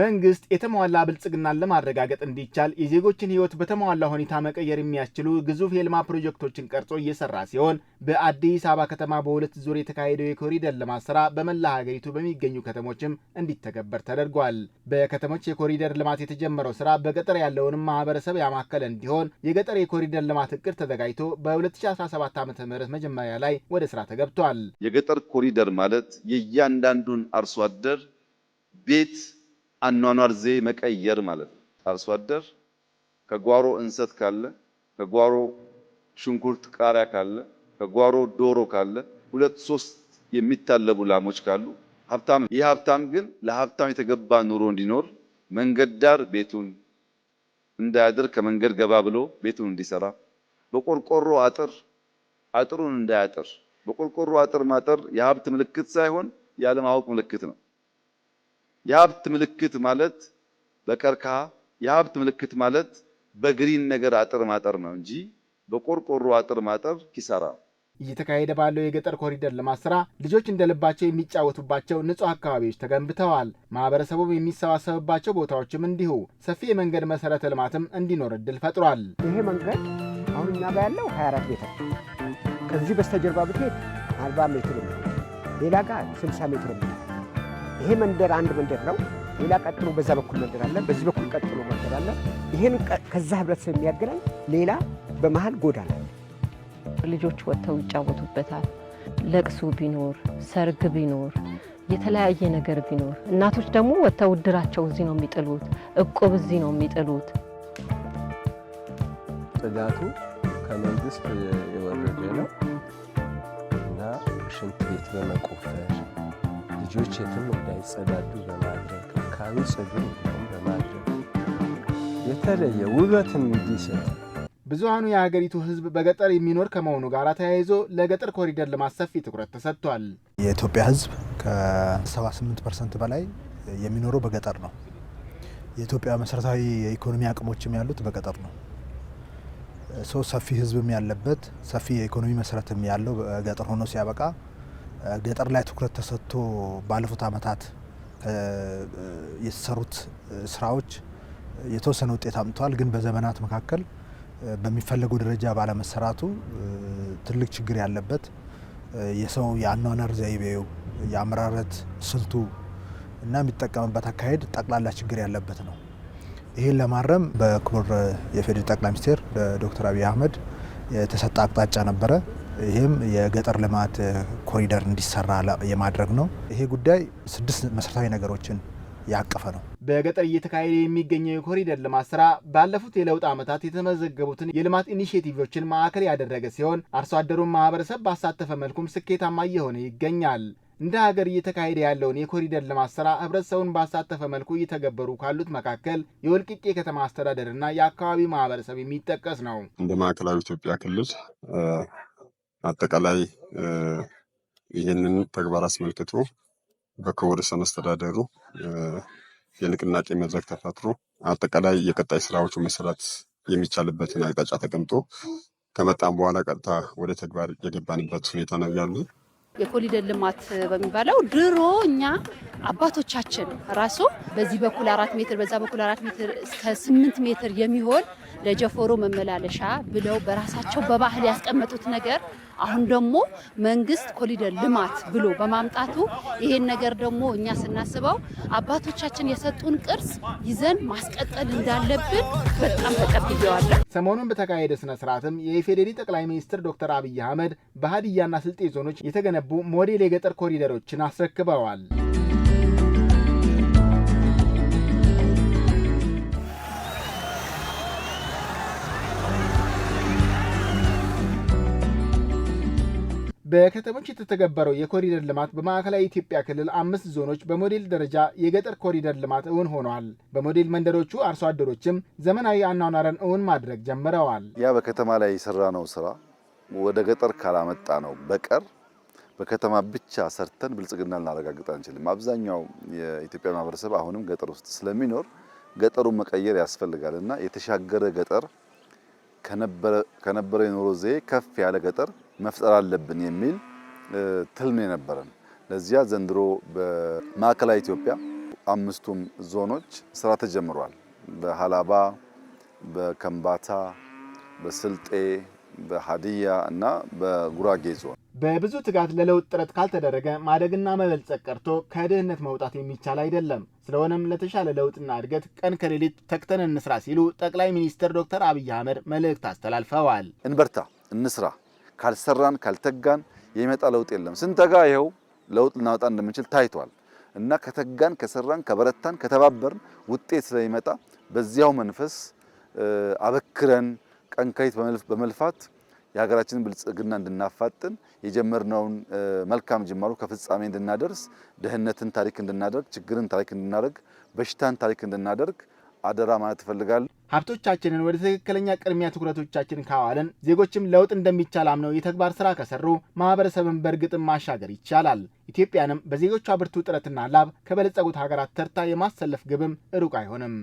መንግስት የተሟላ ብልጽግናን ለማረጋገጥ እንዲቻል የዜጎችን ህይወት በተሟላ ሁኔታ መቀየር የሚያስችሉ ግዙፍ የልማት ፕሮጀክቶችን ቀርጾ እየሰራ ሲሆን በአዲስ አበባ ከተማ በሁለት ዙር የተካሄደው የኮሪደር ልማት ስራ በመላ ሀገሪቱ በሚገኙ ከተሞችም እንዲተገበር ተደርጓል። በከተሞች የኮሪደር ልማት የተጀመረው ስራ በገጠር ያለውንም ማህበረሰብ ያማከለ እንዲሆን የገጠር የኮሪደር ልማት እቅድ ተዘጋጅቶ በ2017 ዓ ም መጀመሪያ ላይ ወደ ስራ ተገብቷል። የገጠር ኮሪደር ማለት የእያንዳንዱን አርሶ አደር ቤት አኗኗር ዘዬ መቀየር ማለት ነው። አርሶ አደር ከጓሮ እንሰት ካለ ከጓሮ ሽንኩርት ቃሪያ ካለ ከጓሮ ዶሮ ካለ ሁለት ሶስት የሚታለቡ ላሞች ካሉ ሀብታም። ይህ ሀብታም ግን ለሀብታም የተገባ ኑሮ እንዲኖር መንገድ ዳር ቤቱን እንዳያድር ከመንገድ ገባ ብሎ ቤቱን እንዲሰራ በቆርቆሮ አጥር አጥሩን እንዳያጥር በቆርቆሮ አጥር ማጠር የሀብት ምልክት ሳይሆን የአለማወቅ ምልክት ነው። የሀብት ምልክት ማለት በቀርከሃ የሀብት ምልክት ማለት በግሪን ነገር አጥር ማጠር ነው እንጂ በቆርቆሮ አጥር ማጠር ኪሳራ እየተካሄደ ባለው የገጠር ኮሪደር ልማት ስራ ልጆች እንደልባቸው የሚጫወቱባቸው ንጹህ አካባቢዎች ተገንብተዋል። ማህበረሰቡም የሚሰባሰብባቸው ቦታዎችም እንዲሁ ሰፊ የመንገድ መሰረተ ልማትም እንዲኖር እድል ፈጥሯል። ይሄ መንገድ አሁን እኛ ጋር ያለው 24 ሜትር፣ ከዚህ በስተጀርባ ብትሄድ 40 ሜትር፣ ሌላ ጋር 60 ሜትር ይሄ መንደር አንድ መንደር ነው። ሌላ ቀጥሎ በዛ በኩል መንደር አለ፣ በዚህ በኩል ቀጥሎ መንደር አለ። ይሄን ከዛ ህብረተሰብ የሚያገናኝ ሌላ በመሀል ጎዳና አለ። ልጆች ወጥተው ይጫወቱበታል። ለቅሶ ቢኖር፣ ሰርግ ቢኖር፣ የተለያየ ነገር ቢኖር እናቶች ደግሞ ወጥተው እድራቸው እዚህ ነው የሚጥሉት፣ እቁብ እዚህ ነው የሚጥሉት። ጽዳቱ ከመንግስት የወረደ ነው እና ሽንት ቤት በመቆፈር ልጆች የትም እንዳይጸዳዱ በማድረግ አካባቢ ጽዱ እንዲሆን በማድረግ የተለየ ውበትን እንዲሰጥ ብዙሀኑ የሀገሪቱ ሕዝብ በገጠር የሚኖር ከመሆኑ ጋር ተያይዞ ለገጠር ኮሪደር ልማት ሰፊ ትኩረት ተሰጥቷል። የኢትዮጵያ ሕዝብ ከ78 ፐርሰንት በላይ የሚኖረው በገጠር ነው። የኢትዮጵያ መሰረታዊ የኢኮኖሚ አቅሞችም ያሉት በገጠር ነው። ሰው ሰፊ ሕዝብም ያለበት ሰፊ የኢኮኖሚ መሰረትም ያለው ገጠር ሆኖ ሲያበቃ ገጠር ላይ ትኩረት ተሰጥቶ ባለፉት ዓመታት የተሰሩት ስራዎች የተወሰነ ውጤት አምጥተዋል። ግን በዘመናት መካከል በሚፈለገው ደረጃ ባለመሰራቱ ትልቅ ችግር ያለበት የሰው የአኗኗር ዘይቤው የአመራረት ስልቱ እና የሚጠቀምበት አካሄድ ጠቅላላ ችግር ያለበት ነው። ይህን ለማረም በክቡር የፌዴራል ጠቅላይ ሚኒስትር ዶክተር አብይ አህመድ የተሰጠ አቅጣጫ ነበረ። ይህም የገጠር ልማት ኮሪደር እንዲሰራ የማድረግ ነው። ይሄ ጉዳይ ስድስት መሰረታዊ ነገሮችን ያቀፈ ነው። በገጠር እየተካሄደ የሚገኘው የኮሪደር ልማት ስራ ባለፉት የለውጥ ዓመታት የተመዘገቡትን የልማት ኢኒሽቲቭዎችን ማዕከል ያደረገ ሲሆን አርሶ አደሩን ማህበረሰብ ባሳተፈ መልኩም ስኬታማ እየሆነ ይገኛል። እንደ ሀገር እየተካሄደ ያለውን የኮሪደር ልማት ስራ ህብረተሰቡን ባሳተፈ መልኩ እየተገበሩ ካሉት መካከል የወልቂጤ ከተማ አስተዳደርና የአካባቢ ማህበረሰብ የሚጠቀስ ነው። እንደ ማዕከላዊ ኢትዮጵያ ክልል አጠቃላይ ይህንን ተግባር አስመልክቶ በክቡር ርዕሰ መስተዳደሩ የንቅናቄ መድረክ ተፈጥሮ አጠቃላይ የቀጣይ ስራዎቹ መሰራት የሚቻልበትን አቅጣጫ ተቀምጦ ከመጣም በኋላ ቀጥታ ወደ ተግባር የገባንበት ሁኔታ ነው ያሉ የኮሊደር ልማት በሚባለው ድሮ እኛ አባቶቻችን ራሱ በዚህ በኩል አራት ሜትር በዛ በኩል አራት ሜትር እስከ ስምንት ሜትር የሚሆን ለጀፎሩ መመላለሻ ብለው በራሳቸው በባህል ያስቀመጡት ነገር አሁን ደግሞ መንግስት ኮሪደር ልማት ብሎ በማምጣቱ ይሄን ነገር ደግሞ እኛ ስናስበው አባቶቻችን የሰጡን ቅርስ ይዘን ማስቀጠል እንዳለብን በጣም ተቀብየዋለሁ። ሰሞኑን በተካሄደ ስነ ስርዓትም የኢፌዴሪ ጠቅላይ ሚኒስትር ዶክተር አብይ አህመድ በሀዲያና ስልጤ ዞኖች የተገነቡ ሞዴል የገጠር ኮሪደሮችን አስረክበዋል። በከተሞች የተተገበረው የኮሪደር ልማት በማዕከላዊ ኢትዮጵያ ክልል አምስት ዞኖች በሞዴል ደረጃ የገጠር ኮሪደር ልማት እውን ሆነዋል። በሞዴል መንደሮቹ አርሶ አደሮችም ዘመናዊ አኗኗርን እውን ማድረግ ጀምረዋል። ያ በከተማ ላይ የሰራነው ስራ ወደ ገጠር ካላመጣ ነው በቀር በከተማ ብቻ ሰርተን ብልጽግና ልናረጋግጥ አንችልም። አብዛኛው የኢትዮጵያ ማህበረሰብ አሁንም ገጠር ውስጥ ስለሚኖር ገጠሩን መቀየር ያስፈልጋል እና የተሻገረ ገጠር ከነበረ የኑሮ ዘዬ ከፍ ያለ ገጠር መፍጠር አለብን የሚል ትልም የነበረን። ለዚያ ዘንድሮ በማዕከላዊ ኢትዮጵያ አምስቱም ዞኖች ስራ ተጀምሯል። በሀላባ፣ በከምባታ፣ በስልጤ፣ በሀዲያ እና በጉራጌ ዞን በብዙ ትጋት ለለውጥ ጥረት ካልተደረገ ማደግና መበልጸግ ቀርቶ ከድህነት መውጣት የሚቻል አይደለም። ስለሆነም ለተሻለ ለውጥና እድገት ቀን ከሌሊት ተግተን እንስራ ሲሉ ጠቅላይ ሚኒስትር ዶክተር አብይ አህመድ መልእክት አስተላልፈዋል። እንበርታ፣ እንስራ። ካልሰራን ካልተጋን የሚመጣ ለውጥ የለም። ስንተጋ ይኸው ለውጥ ልናወጣ እንደምንችል ታይቷል እና ከተጋን፣ ከሰራን፣ ከበረታን፣ ከተባበርን ውጤት ስለሚመጣ በዚያው መንፈስ አበክረን ቀን ከሌት በመልፋት የሀገራችንን ብልጽግና እንድናፋጥን የጀመርነውን መልካም ጅማሮ ከፍጻሜ እንድናደርስ ድህነትን ታሪክ እንድናደርግ፣ ችግርን ታሪክ እንድናደርግ፣ በሽታን ታሪክ እንድናደርግ አደራ ማለት እፈልጋለሁ። ሀብቶቻችንን ወደ ትክክለኛ ቅድሚያ ትኩረቶቻችን ካዋልን፣ ዜጎችም ለውጥ እንደሚቻል አምነው የተግባር ስራ ከሰሩ ማህበረሰብን በእርግጥም ማሻገር ይቻላል። ኢትዮጵያንም በዜጎቿ ብርቱ ጥረትና ላብ ከበለጸጉት ሀገራት ተርታ የማሰለፍ ግብም ሩቅ አይሆንም።